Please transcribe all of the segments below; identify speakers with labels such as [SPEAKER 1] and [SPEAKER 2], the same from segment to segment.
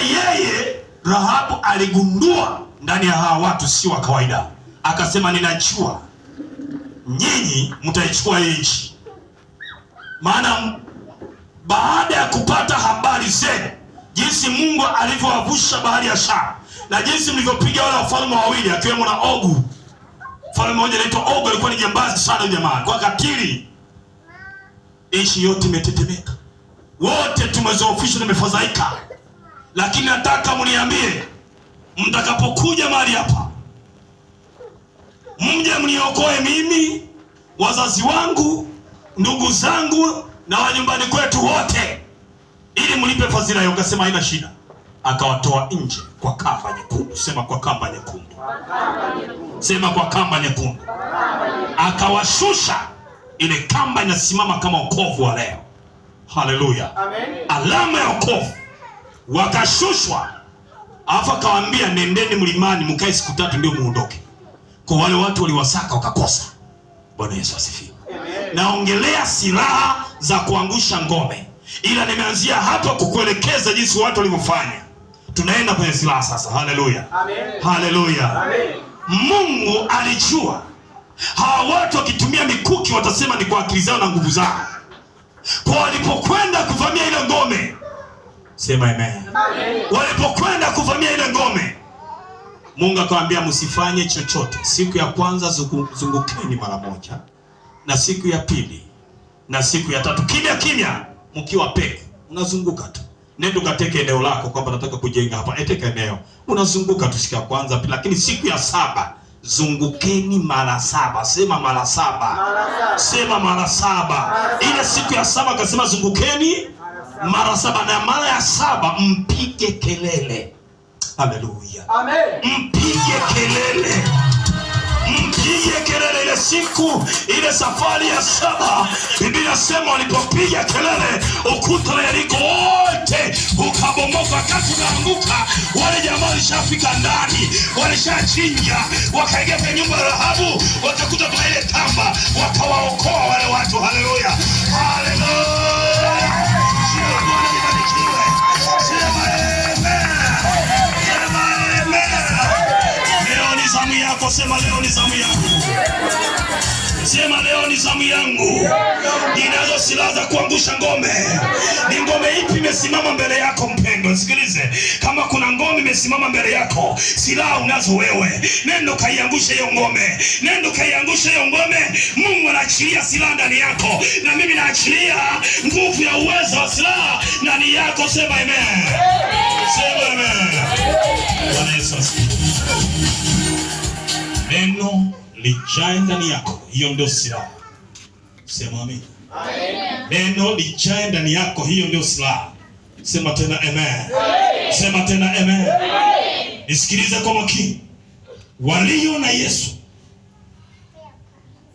[SPEAKER 1] yeye Rahabu aligundua ndani ya hawa watu si wa kawaida, akasema ninajua nyinyi mtaichukua hii nchi, maana baada ya kupata habari zenu jinsi Mungu alivyowavusha bahari ya Shamu na jinsi mlivyopiga wale wafalme wawili akiwemo na Ogu. Mfalme mmoja anaitwa Ogu, alikuwa ni jambazi sana jamaa, kwa katili. Nchi yote imetetemeka, wote tumezoofishwa, tumefadhaika lakini nataka mniambie, mtakapokuja mahali hapa, mje mniokoe mimi, wazazi wangu, ndugu zangu na wanyumbani kwetu wote, ili mlipe fadhila hiyo. Ukasema haina shida. Akawatoa nje kwa kamba nyekundu. Sema kwa kamba nyekundu, sema kwa kamba nyekundu. Akawashusha, ile kamba inasimama kama wokovu wa leo. Haleluya, Alama ya wokovu wakashushwa, alafu akawaambia nendeni mlimani mkae siku tatu ndio muondoke. Kwa wale watu waliwasaka wakakosa. Bwana Yesu asifiwe. Naongelea silaha za kuangusha ngome, ila nimeanzia hapa kukuelekeza jinsi watu walivyofanya. Tunaenda kwenye silaha sasa. Haleluya, haleluya, Mungu alijua hawa watu wakitumia mikuki watasema ni kwa akili zao na nguvu zao, kwa walipokwenda kuvamia ile ngome Sema amen. Walipokwenda kuvamia ile ngome, Mungu akamwambia msifanye chochote. Siku ya kwanza zungukeni mara moja, na siku ya pili na siku ya tatu, kimya kimya, mkiwa peke unazunguka tu. Nenda ukateke eneo lako, kwamba nataka kujenga hapa, eteka eh, eneo, unazunguka tu siku ya kwanza. Lakini siku ya saba zungukeni mara saba. Sema mara saba, sema mara saba. Ile siku ya saba akasema zungukeni mara saba, na mara ya saba mpige kelele. Haleluya, amen. Mpige kelele mpige kelele. Ile siku ile safari ya saba, Biblia sema walipopiga kelele, ukuta wa Yeriko wote ukabomoka, wakati unaanguka, wale jamaa walishafika ndani, walishachinja, wakaingia kwenye nyumba ya Rahabu, wakakuta kuna ile tamba, wakawaokoa wale watu. Haleluya. yangu. Ninazo silaha za kuangusha ngome. Ni ngome ipi imesimama mbele yako mpendwa? Sikilize, kama kuna ngome imesimama mbele yako, silaha unazo wewe. Nenda kaiangushe hiyo ngome, nenda kaiangushe hiyo ngome. Mungu anaachilia silaha ndani yako, na mimi naachilia nguvu ya uwezo wa silaha ndani yako. Sema amen, sema amen. Bwana Yesu asifiwe. Neno lijae ndani yako, hiyo ndio silaha. Sema amen. Neno lichae ndani yako, hiyo ndio silaha. Sema tena amen. Amen. Sema tena amen. Amen. Nisikilize kwa makini, walio na Yesu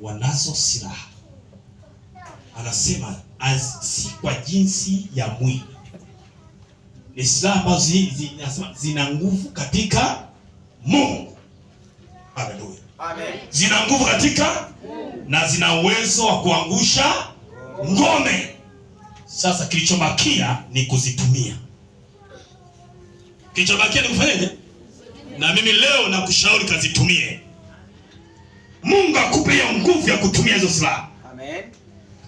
[SPEAKER 1] wanazo silaha. Anasema as, si kwa jinsi ya mwili, ni silaha ambazo zi, zina nguvu katika Mungu. Haleluya, amen. Zina nguvu katika na zina uwezo wa kuangusha ngome. Sasa kilichobakia ni kuzitumia, kilichobakia ni kufanyaje? Na mimi leo nakushauri kazitumie. Mungu akupe hiyo nguvu ya kutumia hizo silaha. Amen.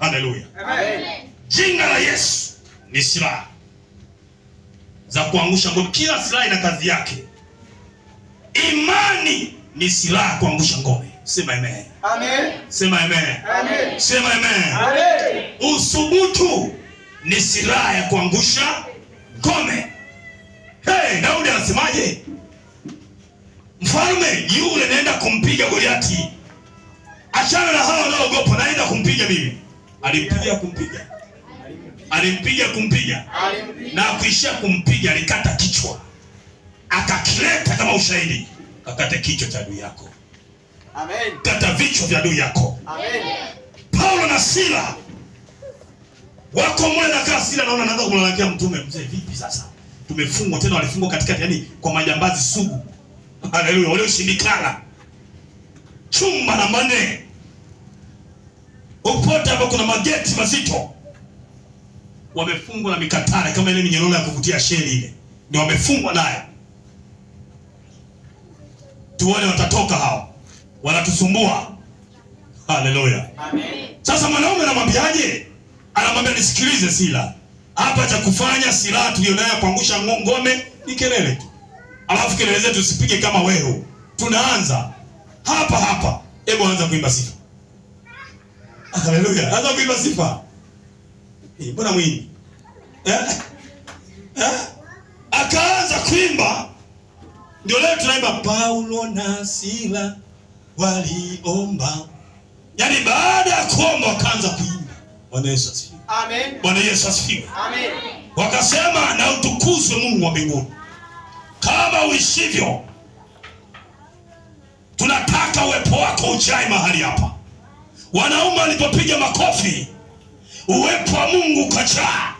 [SPEAKER 1] Haleluya. Amen. Jina la Yesu ni silaha za kuangusha ngome. Kila silaha ina kazi yake. Imani ni silaha kuangusha ngome. Sema amen. Amen. Sema amen. Amen. Sema amen. Amen. Usubutu ni silaha ya kuangusha ngome. Hey, Daudi anasemaje? Mfalme yule naenda kumpiga Goliati. Achana na hao wanaogopa, naenda kumpiga mimi. Alimpiga kumpiga. Alimpiga kumpiga. Na kuishia kumpiga alikata kichwa. Akakileta kama ushahidi. Kakate kichwa cha adui yako. Amen. Kata vichwa vya adui yako. Amen. Paulo na Sila wako mule, nakaa Sila naona anaanza kumlalamikia mtume, mzee vipi sasa? Tumefungwa tena walifungwa katikati yani kwa majambazi sugu. Haleluya, wale ushindikana. Chumba na mane. Upote hapo kuna mageti mazito. Wamefungwa na mikatara kama ile minyororo ya kuvutia sheli ile. Ndio wamefungwa nayo. Tuone watatoka hao wanatusumbua. Haleluya, amen. Sasa mwanaume anamwambiaje? Anamwambia, nisikilize, Sila, hapa cha kufanya, silaha tulionayo kuangusha ngome ni kelele tu, alafu kelele zetu zisipige kama wehu. Tunaanza hapa hapa, hebu anza kuimba sifa. Haleluya, anza kuimba sifa. Eh, mbona mwini eh? Eh? Akaanza kuimba, ndio leo tunaimba Paulo na Sila waliomba. Yaani baada ya kuomba wakaanza kuimba. Bwana Yesu asifiwe. Amen. Bwana Yesu asifiwe. Amen. Wakasema na utukuzwe Mungu wa mbinguni. Kama uishivyo tunataka uwepo wako ujae mahali hapa. Wanaume walipopiga makofi, uwepo wa Mungu ukajaa.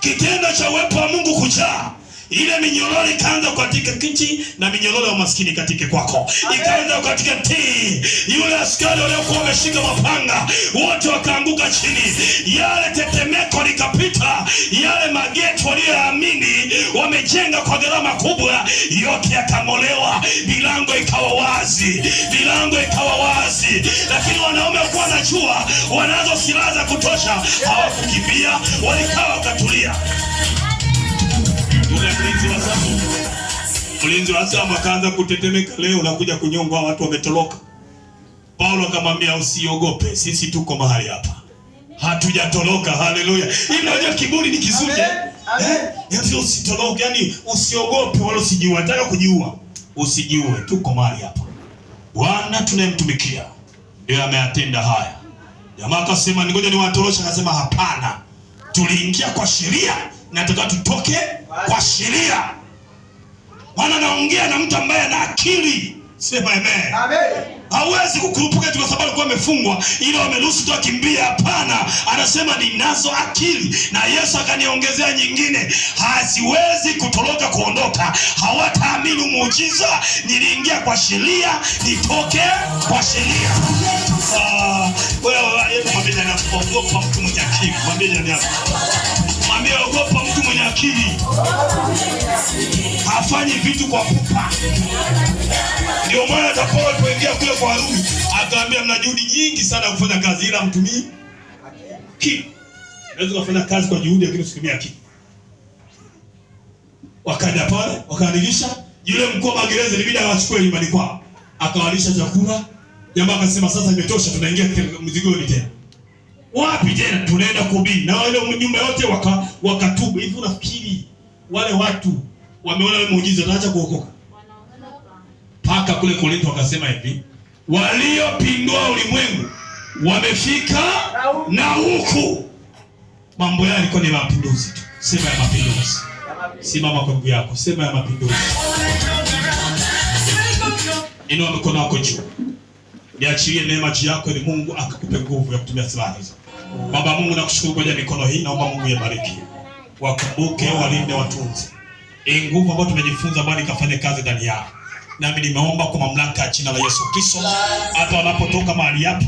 [SPEAKER 1] Kitendo cha uwepo wa Mungu kujaa ile minyororo ikaanza katika kichi na minyororo ya umaskini katike kwako, ikaanza katika tii. Yule askari waliokuwa wameshika mapanga wote wakaanguka chini, yale tetemeko likapita, yale mageti waliyoamini wamejenga kwa gharama kubwa yote yakang'olewa, milango ikawa wazi, milango ikawa wazi. Lakini wanaume walikuwa wanajua wanazo silaha za kutosha, hawakukimbia, walikaa wakatulia. walinzi wa Azam wakaanza kutetemeka, leo unakuja kunyongwa, watu wametoroka. Paulo akamwambia usiogope, sisi tuko mahali hapa, hatujatoroka. Haleluya! Hii ndio kiburi, ni kizuri eh, eh? usitoroke, yani usiogope, wala usijiua. Nataka kujiua, usijiue, tuko mahali hapa. Bwana tunayemtumikia ndio ameyatenda haya. Jamaa akasema ningoja niwatoroshe, akasema hapana, tuliingia kwa sheria, nataka tutoke kwa sheria maana naongea na mtu ambaye ana akili. Sema amen. Amen. Hawezi kukurupuka kwa sababu alikuwa amefungwa, ila wameruhusu tu akimbia. Hapana, anasema ninazo akili, na Yesu akaniongezea nyingine, haziwezi kutoroka kuondoka. Hawataamini muujiza, niliingia kwa sheria, nitoke kwa sheria. Uh, ogopa mtu mwenye akili, hafanyi vitu kwa pupa. Ndio maana Paulo kuingia kule kwa Warumi akaambia, mna juhudi nyingi sana kufanya kazi, ila mtumii akili. Naweza kufanya kazi kwa juhudi, lakini usitumie akili. Wakaja pale wakaadilisha, yule mkuu wa magereza ilibidi awachukue nyumbani kwao, akawalisha chakula. Jamaa akasema, sasa imetosha, tunaingia mzigoni tena wapi tena tunaenda kuhubiri na wale mjumbe wote waka, wakatubu. Hivi unafikiri wale watu wameona wewe muujiza wataacha kuokoka? Paka kule Korintho wakasema hivi, waliopindua ulimwengu wamefika na huku. Mambo yao yalikuwa ni mapinduzi tu. Sema ya mapinduzi. Simama kwa nguvu yako. Sema ya mapinduzi. Inua mikono yako juu. Niachilie neema juu yako ili Mungu akakupe nguvu ya kutumia silaha hizo. Baba Mungu nakushukuru kwa mikono hii, naomba Mungu yabariki, wakumbuke, walinde, watunze. E, nguvu ambayo tumejifunza bali kafanye kazi ndani yao, nami nimeomba kwa mamlaka ya jina la Yesu Kristo, hata wanapotoka mahali hapa,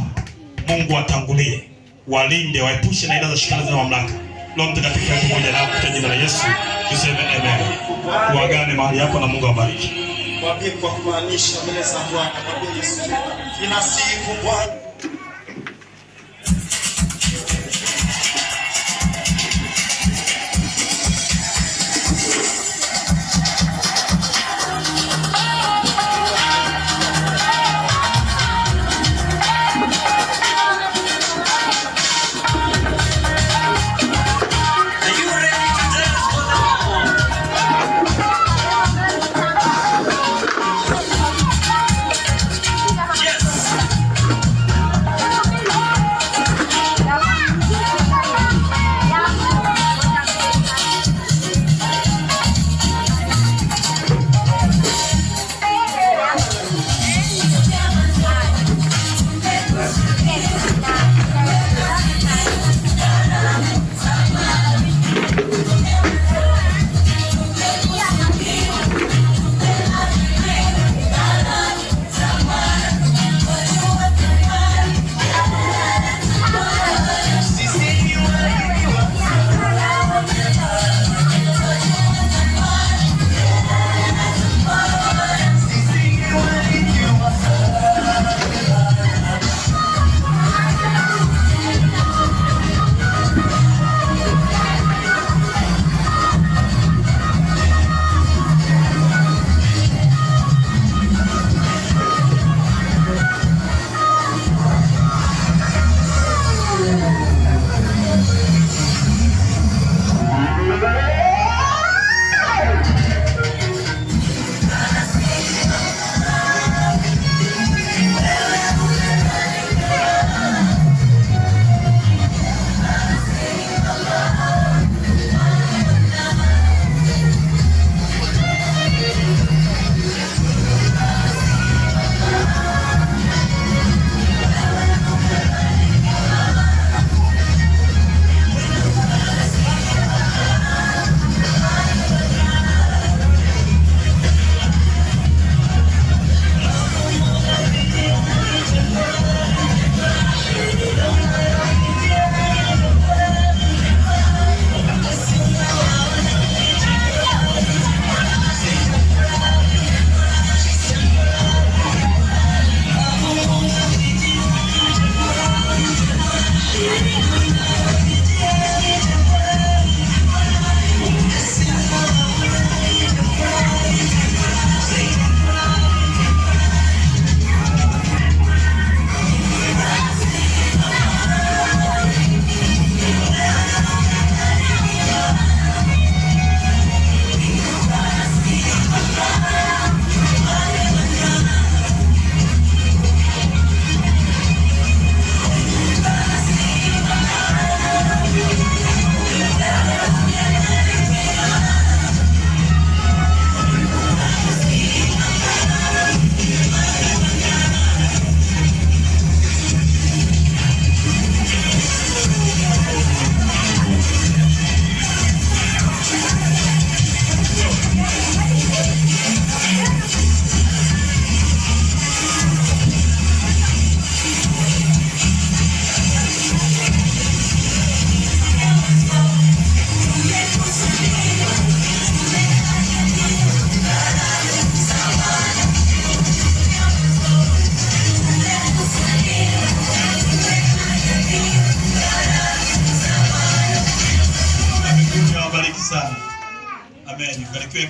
[SPEAKER 1] Mungu watangulie, walinde, waepushe na ila za shetani za mamlaka. Roho Mtakatifu yetu pamoja nao, kwa jina la Yesu tuseme amen. Tuagane mahali hapo na Mungu awabariki. Mwambie kwa kumaanisha mbele za Bwana, mwambie Yesu, ninasifu Bwana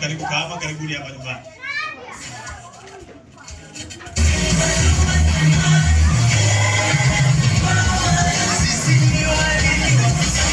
[SPEAKER 1] karibu kama karibuni hapa nyumbani.